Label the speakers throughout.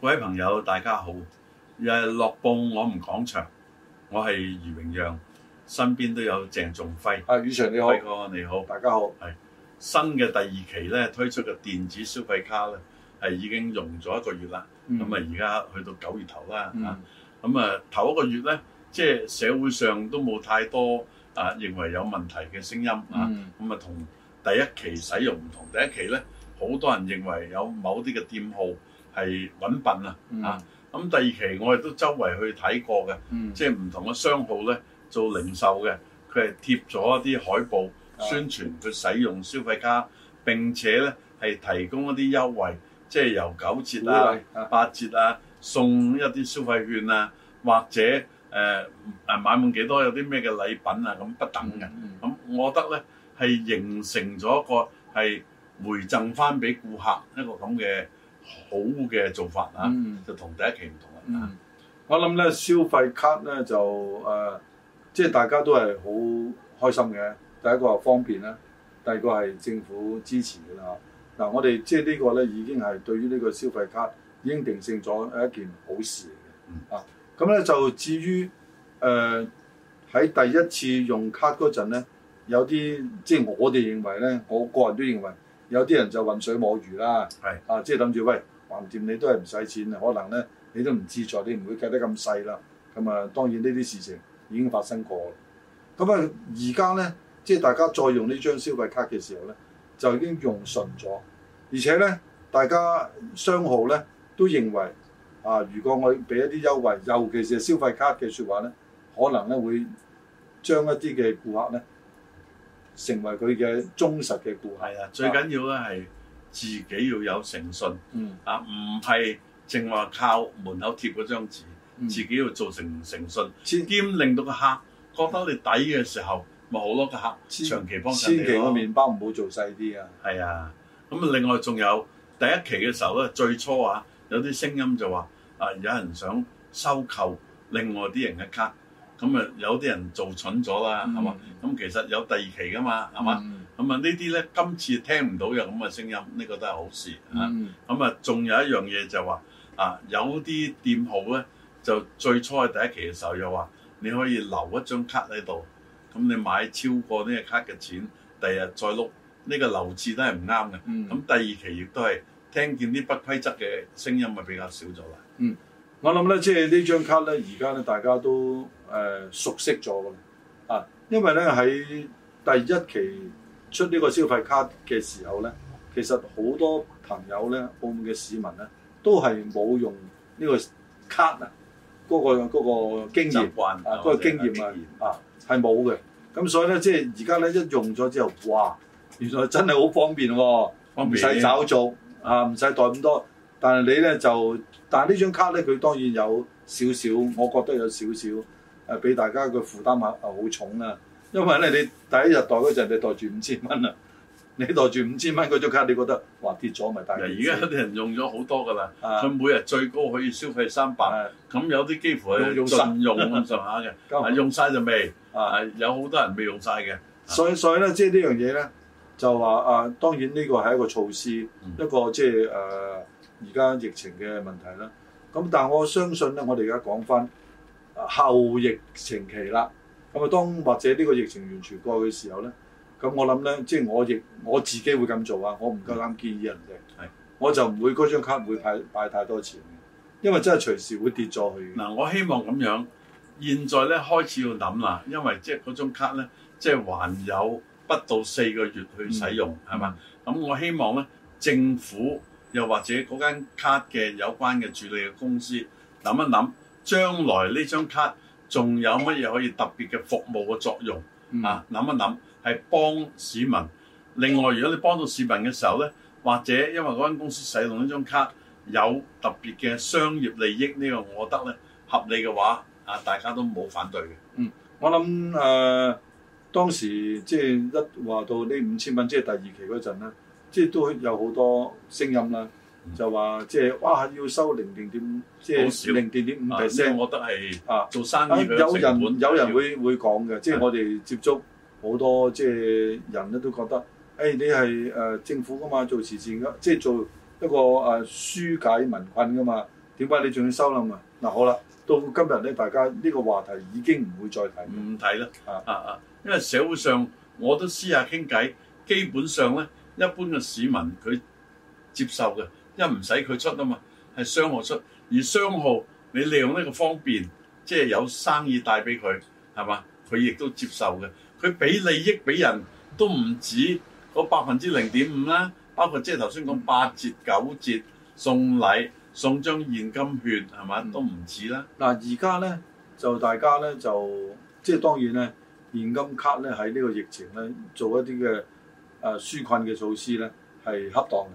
Speaker 1: 各位朋友，大家好！日日樂報我們講場，我係余榮陽，身邊都有鄭仲輝。啊，宇祥你好，你好，你好，大家好。係新嘅第二期咧推出嘅電子消費卡咧，係已經用咗一個月啦。咁啊、嗯，而家去到九月頭啦。啊、嗯，咁啊、嗯，頭一個月咧，即係社會上都冇太多。啊，認為有問題嘅聲音啊，咁啊同第一期使用唔同。第一期咧，好多人認為有某啲嘅店鋪係揾笨啊，啊，咁、嗯啊、第二期我哋都周圍去睇過嘅，嗯、即係唔同嘅商號咧做零售嘅，佢係貼咗一啲海報宣傳佢使用消費卡，嗯、並且咧係提供一啲優惠，即係由九折啊、八折、嗯嗯、啊，送一啲消費券啊，或者。誒誒、呃、買滿幾多有啲咩嘅禮品啊咁不等嘅，咁、嗯、我覺得咧係形成咗一個係回贈翻俾顧
Speaker 2: 客一個咁嘅好嘅做法啊，嗯、就同第一期唔同啦。嗯、我諗咧消費卡咧就誒，即、呃、係、就是、大家都係好開心嘅。第一個係方便啦，第二個係政府支持嘅啦。嗱、啊，我哋即係呢個咧已經係對於呢個消費卡已經定性咗一件好事嚟嘅。嗯啊。咁咧就至於誒喺第一次用卡嗰陣咧，有啲即係我哋認為咧，我個人都認為有啲人就混水摸魚啦，係的啊，即係諗住喂，橫掂你都係唔使錢，可能咧你都唔自在，你唔會計得咁細啦。咁啊，當然呢啲事情已經發生過咁啊，而家咧即係大家再用呢張消費卡嘅時候咧，就已經用順咗，而且咧大家商號咧都認為。啊！如果我俾一啲優惠，尤其是係消費卡嘅説話咧，可能咧會將一啲嘅顧客咧成為佢嘅忠實嘅顧客啊！最緊
Speaker 1: 要咧係自己要有誠信，嗯啊，唔係淨話靠門口貼嗰張紙，嗯、自己要做成誠信，兼千令到個客覺得你抵嘅時候，咪好、嗯、多個客長期幫你咯。千祈個麵
Speaker 2: 包唔好做細啲啊！
Speaker 1: 係啊，咁另外仲有第一期嘅時候咧，最初啊～有啲聲音就話啊、呃，有人想收購另外啲人嘅卡，咁啊有啲人做蠢咗啦，係嘛、嗯？咁、嗯、其實有第二期㗎嘛，係嘛？咁啊、嗯嗯、呢啲咧，今次聽唔到有咁嘅聲音，呢、這個都係好事嚇。咁啊，仲、嗯、有一樣嘢就話啊，有啲店鋪咧，就最初喺第一期嘅時候又話你可以留一張卡喺度，咁你買超過呢個卡嘅錢，第日再碌，呢、這個留置都係唔啱嘅。咁第二期亦
Speaker 2: 都係。聽見啲不規則嘅聲音咪比較少咗啦。嗯，我諗咧，即係呢張卡咧，而家咧大家都誒、呃、熟悉咗㗎啦。啊，因為咧喺第一期出呢個消費卡嘅時候咧，其實好多朋友咧，澳門嘅市民咧，都係冇用呢個卡啊、嗰個，嗰個嗰個經驗啊，啊，啊係冇嘅。咁、啊、所以咧，即係而家咧一用咗之後，哇，原來真係好方便喎、啊，唔使找續。啊，唔使袋咁多，但係你咧就，但係呢張卡咧佢當然有少少，我覺得有少少誒俾大家嘅負擔下啊好重啦，因為咧你第一日袋嗰陣你袋住五千蚊啊，你袋住五千蚊嗰張卡，你覺得哇跌咗咪大？而家
Speaker 1: 啲人用咗好多噶啦，佢、啊、每日最高可以消費三百、嗯，咁有啲幾乎係盡用咁了上下嘅， 文用晒就未？啊、有好多人未用晒
Speaker 2: 嘅，所以所以咧即係呢樣嘢咧。就話啊，當然呢個係一個措施，嗯、一個即係誒而家疫情嘅問題啦。咁但係我相信咧，我哋而家講翻後疫情期啦。咁啊，當或者呢個疫情完全過去嘅時候咧，咁我諗咧，即係我亦我自己會咁做啊。我唔夠膽建議人哋，是我就唔會嗰張卡唔會派擺太多錢嘅，因為真係隨時會跌咗去。
Speaker 1: 嗱，我希望咁樣，現在咧開始要諗啦，因為即係嗰張卡咧，即係還有。不到四個月去使用係嘛？咁、嗯、我希望咧，政府又或者嗰間卡嘅有關嘅處理嘅公司諗一諗，將來呢張卡仲有乜嘢可以特別嘅服務嘅作用、嗯、啊？諗一諗係幫市民。另外，如果你幫到市民嘅時候咧，或者因為嗰間公司使用呢張卡有特別嘅商業利益，呢、這個我覺得咧合理嘅話，啊大家都冇反對
Speaker 2: 嘅。嗯，我諗誒。呃當時即係一話到呢五千蚊，即係第二期嗰陣咧，即係都有好多聲音啦，就話即係哇要收零點點，即係零點零零點，零點五 percent。啊、我覺得係啊，做生意、啊啊啊、有人有人會會講嘅，即係我哋接觸好多即係人咧，都覺得誒的、哎、你係誒、呃、政府噶嘛，做慈善嘅，即係做一個誒疏、呃、解民困噶嘛，點解你仲要收啦嘛？嗱、啊、好啦。到今日咧，大家呢個話題已經唔會再提，唔
Speaker 1: 睇啦。啊啊啊！因為社會上我都私下傾偈，基本上咧，一般嘅市民佢接受嘅，因為唔使佢出啊嘛，係商號出。而商號你利用呢個方便，即係有生意帶俾佢，係嘛？佢亦都接受嘅。佢俾利益俾人都唔止嗰百分之零點五啦，包括即係頭先講八折九折送禮。送張現金券係咪？都唔止啦。嗱，
Speaker 2: 而家咧就大家咧就即係當然咧現金卡咧喺呢個疫情咧做一啲嘅誒紓困嘅措施咧係恰當嘅。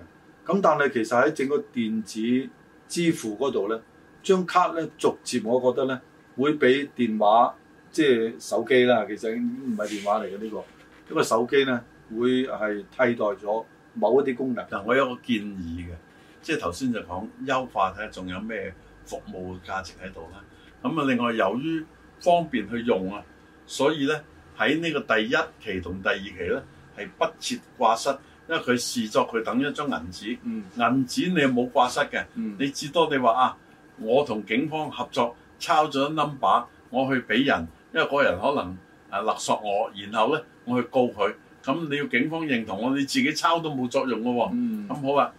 Speaker 2: 咁但係其實喺整個電子支付嗰度咧，張卡咧逐漸我覺得咧會畀電話即係手機啦，其實已經唔係電話嚟嘅呢個，因為手機咧會係替代咗某一啲功能。但我有一個建
Speaker 1: 議嘅。即係頭先就講優化，睇下仲有咩服務價值喺度啦。咁啊，另外由於方便去用啊，所以咧喺呢個第一期同第二期咧係不設掛失，因為佢視作佢等一張銀紙。嗯，銀紙你冇掛失嘅。嗯，你至多你話啊，我同警方合作抄咗 number，我去俾人，因為嗰人可能誒勒索我，然後咧我去告佢，咁你要警方認同我，你自己抄都冇作用嘅喎，哦。咁，嗯，好啊。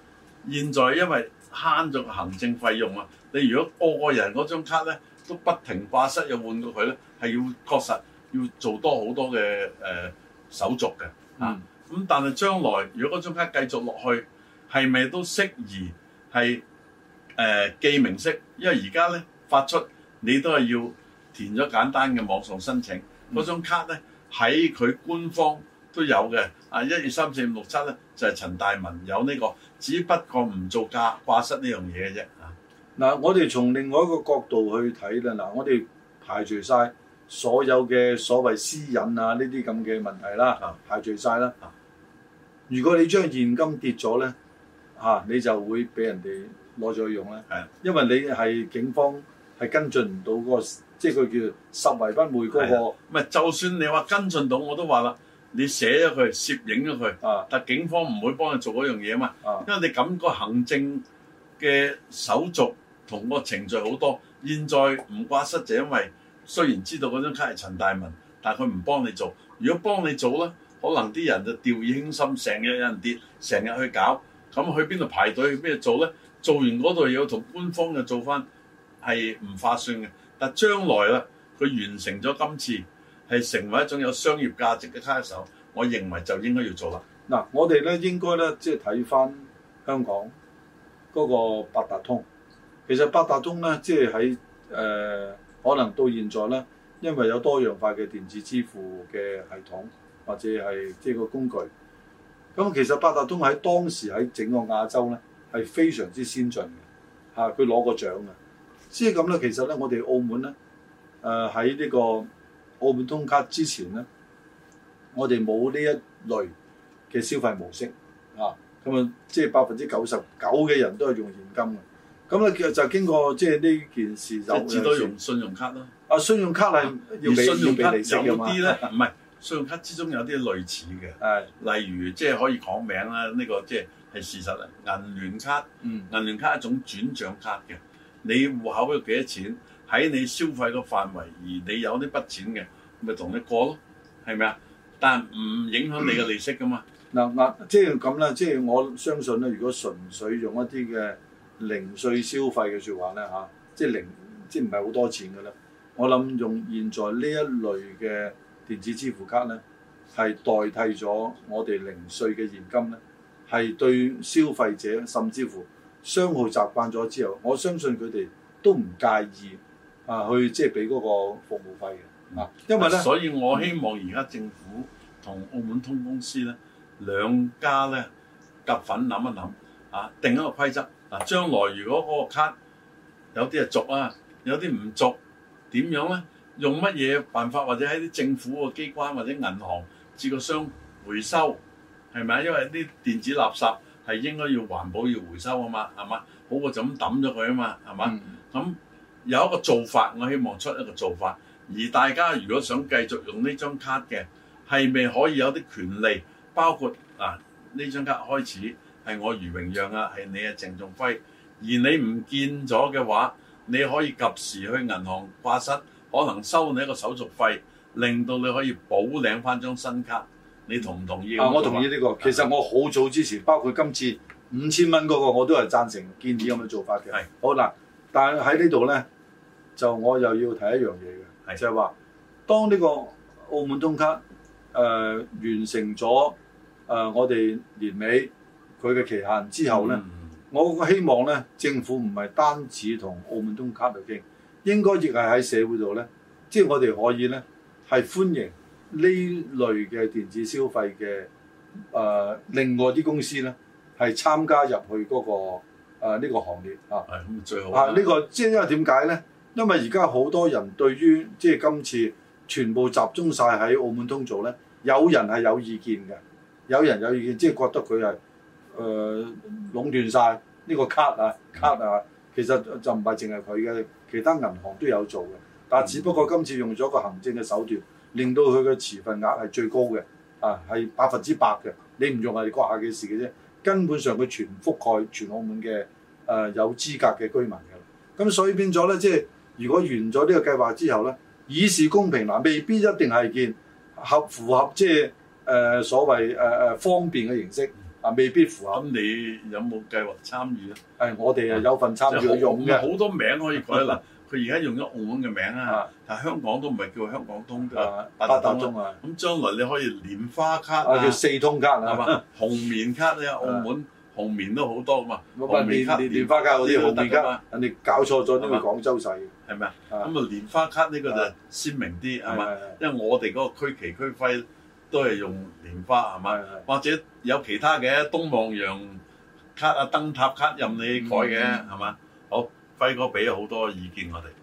Speaker 1: 現在因為慳咗行政費用啊，你如果個個人嗰張卡咧都不停掛失又換過佢咧，係要確實要做多好多嘅誒、呃、手續嘅啊。咁、嗯、但係將來如果嗰張卡繼續落去，係咪都適宜係誒、呃、記名式？因為而家咧發出你都係要填咗簡單嘅網上申請嗰、嗯、張卡咧喺佢官方。都有嘅，啊，一、二、三、四、五、六、七咧，就係陳大文有呢、呢個，只不
Speaker 2: 過唔做掛掛失呢樣嘢啫嚇。嗱、啊，我哋從另外一個角度去睇啦，嗱、啊，我哋排除晒所有嘅所謂私隱啊呢啲咁嘅問題啦，嚇、啊、排除晒啦。啊、如果你將現金跌咗咧，嚇、啊、你就會俾人哋攞咗去用咧，啊、因為你係警方係跟進唔到、嗰個，即係佢叫拾遺不昧嗰、嗰個。唔係，就算你話跟進到，我都話
Speaker 1: 啦。你寫咗佢，攝影咗佢，啊、但警方唔會幫你做嗰樣嘢啊嘛，啊、因為你感覺行政嘅手續同個程序好多。現在唔掛失就因為雖然知道嗰張卡係陳大文，但佢唔幫你做。如果幫你做咧，可能啲人就掉以輕心，成日有人跌，成日去搞。咁去邊度排隊，去邊度做咧？做完嗰度要同官方嘅做法，係唔划算嘅。但將來咧，佢完成咗今次。係成為一種有商業價值嘅卡
Speaker 2: 手，我認為就應該要做啦。嗱、啊，我哋咧應該咧，即係睇翻香港嗰個八達通。其實八達通咧，即係喺誒可能到現在咧，因為有多樣化嘅電子支付嘅系統或者係即係個工具。咁其實八達通喺當時喺整個亞洲咧係非常之先進嘅嚇，佢、啊、攞過獎嘅。即係咁咧，其實咧我哋澳門咧誒喺呢、呃呢個。澳門通卡之前咧，我哋冇呢一類嘅消費模式啊，咁啊、嗯，即係百分之九十九嘅人都係用現金嘅。咁咧就就經過即係呢件事、嗯、就轉到用信用卡咯。啊，信用卡係要俾要俾利息嘅嘛，而信用卡有啲咧，
Speaker 1: 唔係 信用卡之中有啲類似嘅，啊、例如即係可以講名啦，呢、呢個即係係事實啦。銀聯卡，銀聯卡一種轉賬卡嘅，你戶口有幾多錢？喺你消費個範圍，而你有呢筆錢嘅，咪同你過咯，係咪啊？但唔影響你嘅利
Speaker 2: 息噶嘛。嗱嗱、嗯嗯嗯，即係咁啦，即係我相信咧。如果純粹用一啲嘅零碎消費嘅説話咧嚇、啊，即係零，即係唔係好多錢噶咧。我諗用現在呢一類嘅電子支付卡咧，係代替咗我哋零碎嘅現金咧，係對消費者甚至乎商號習慣咗之後，我相信佢哋都唔介意。啊，去即係俾嗰個服務費嘅，啊，因為咧，所以我希
Speaker 1: 望而家政府同澳門通公司咧兩家咧夾份諗一諗啊，定一個規則。嗱、啊，將來如果嗰個卡有啲係續啊，有啲唔續，點樣咧？用乜嘢辦法？或者喺啲政府嘅機關或者銀行設個箱回收，係咪啊？因為啲電子垃圾係應該要環保要回收啊嘛，係嘛？好過就咁抌咗佢啊嘛，係嘛？咁、嗯。有一個做法，我希望出一個做法。而大家如果想繼續用呢張卡嘅，係咪可以有啲權利？包括嗱，呢、啊、張卡開始係我余榮讓啊，係你啊鄭仲輝。而你唔見咗嘅話，你可以及時去銀行掛失，可能收你一個手續費，令到你可以補領翻張新
Speaker 2: 卡。你同唔同意我、啊？我同意呢、這個。其實我好早之前，包括今次五千蚊嗰個，我都係贊成建議咁嘅做法嘅。係是。好嗱。啦但係喺呢度咧，就我又要提一樣嘢嘅，係的就係話，當呢個澳門通卡誒、呃、完成咗誒、呃、我哋年尾佢嘅期限之後咧，嗯、我希望咧，政府唔係單止同澳門通卡嚟傾，應該亦係喺社會度咧，即、就、係、是、我哋可以咧係歡迎呢類嘅電子消費嘅誒、呃、另外啲公司咧係參加入去嗰、那個。誒呢、呃，這個行業啊，係咁最好後啊！呢、這個即係因為點解咧？因為而家好多人對於即係今次全部集中晒喺澳門通做咧，有人係有意見嘅，有人有意見，即係覺得佢係誒壟斷晒呢個卡啊，卡啊，其實就唔係淨係佢嘅，其他銀行都有做嘅，但係只不過今次用咗個行政嘅手段，令到佢嘅持份額係最高嘅，啊係百分之百嘅，你唔用係你閣下嘅事嘅啫。根本上佢全覆蓋全澳門嘅誒、呃、有資格嘅居民㗎咁、嗯、所以變咗咧，即係如果完咗呢個計劃之後咧，以示公平嗱，未必一定係件合符合即係誒、呃、所謂誒誒、呃、方便嘅形式啊，未必符合。咁你有冇計劃參與咧？誒、哎，我哋誒有份參與用嘅，好、嗯就是、多名可以改嗱。 佢而家用咗澳
Speaker 1: 門嘅名啊，但係香港都唔係叫香港通啫，八達通啊。咁將來你可以蓮花卡啊，叫四通卡啊，係嘛？紅棉卡啊，澳門紅棉都好多噶嘛。
Speaker 2: 唔係蓮花卡嗰啲好特別啊！你搞錯咗呢個廣
Speaker 1: 州世，係咪啊？咁啊蓮花卡呢個就鮮明啲，係咪？因為我哋嗰個區旗區徽都係用蓮花，係咪？或者有其他嘅東望洋卡啊、燈塔卡任你改嘅，係嘛？輝哥俾咗好多意見我哋。